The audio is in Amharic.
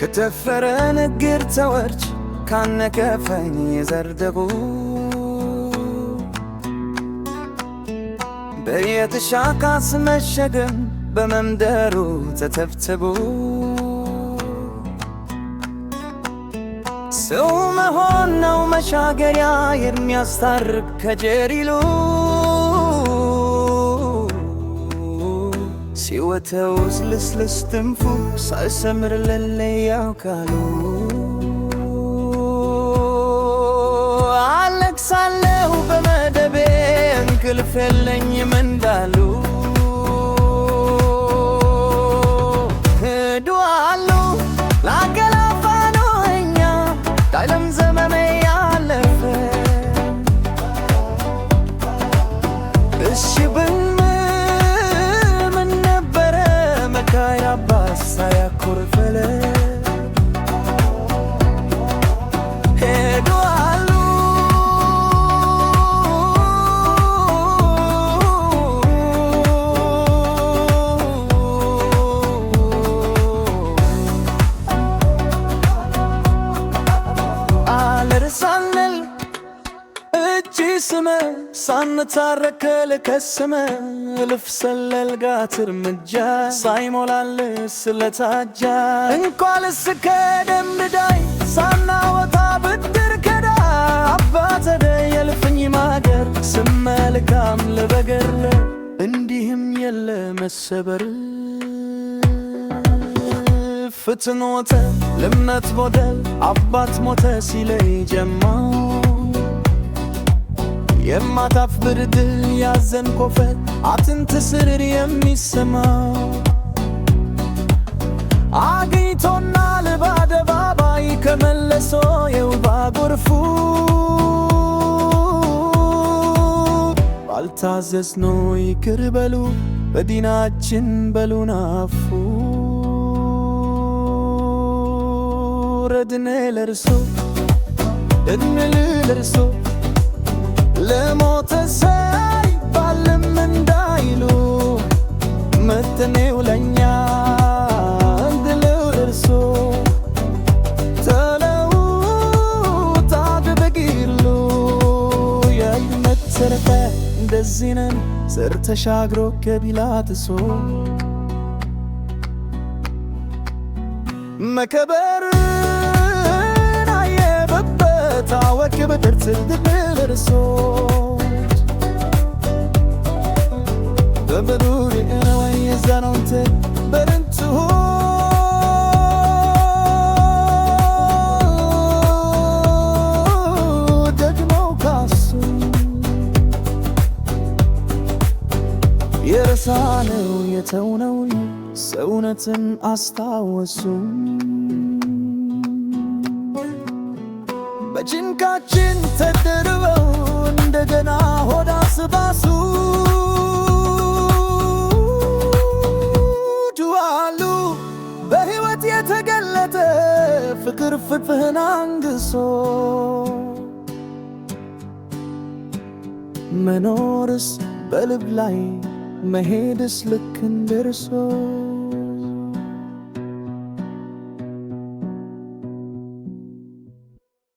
ከተፈረን ንግር ተወርች ካነከፈኝ የዘርደቡ በየተሻካ ስመሸግም በመምደሩ ተተብትቡ ሰው መሆን ነው መሻገሪያ የሚያስታርቅ ከጀሪሉ ሲወተውስ ልስልስ ትንፉ ሳይሰምር ለለያው ቃሉ አለቅሳለሁ በመደቤ እንቅልፍ የለኝም እንዳሉ ya basa ya korvele ስመ ሳንታረቅ ልከስመ እልፍ ሰለልጋት እርምጃ ሳይሞላል ስለታጃ እንኳን እስከ ደምዳይ ሳናወጣ ብድር ከዳይ አባተደ የልፍኝ ማገር ስመልካም ልካም ልበገር እንዲህም የለ መሰበር ፍትኖተ ልምነት ቦደል አባት ሞተ ሲለይ ጀማ የማታፍ ብርድ ያዘን ኮፈት አጥንት ስርር የሚሰማው አግኝቶና በአደባባይ ከመለሶ የውባ ጎርፉ ባልታዘዝነው ይቅር በሉ በዲናችን በሉን አፉ ረድነ ለርሶ ድንል ለርሶ ለሞተ ሰው ይባልም እንዳይሉ ምትኔው ለኛ እንድልው እርሱ ተለውጣ ድበጊሉ የአይነት እንደዚህ ነን ስር ተሻግሮ መከበር ደርሶት በበዱሪ ነው የዛነው በርንትሁ ደግመው ካሱ የረሳነው የተውነውን ሰውነትን አስታወሱ በፊታችን ተደርበው እንደገና ሆዳ ስባሱ ዱአሉ በሕይወት የተገለጠ ፍቅር ፍትህን አንግሶ መኖርስ በልብ ላይ መሄድስ ልክ እንደርሶ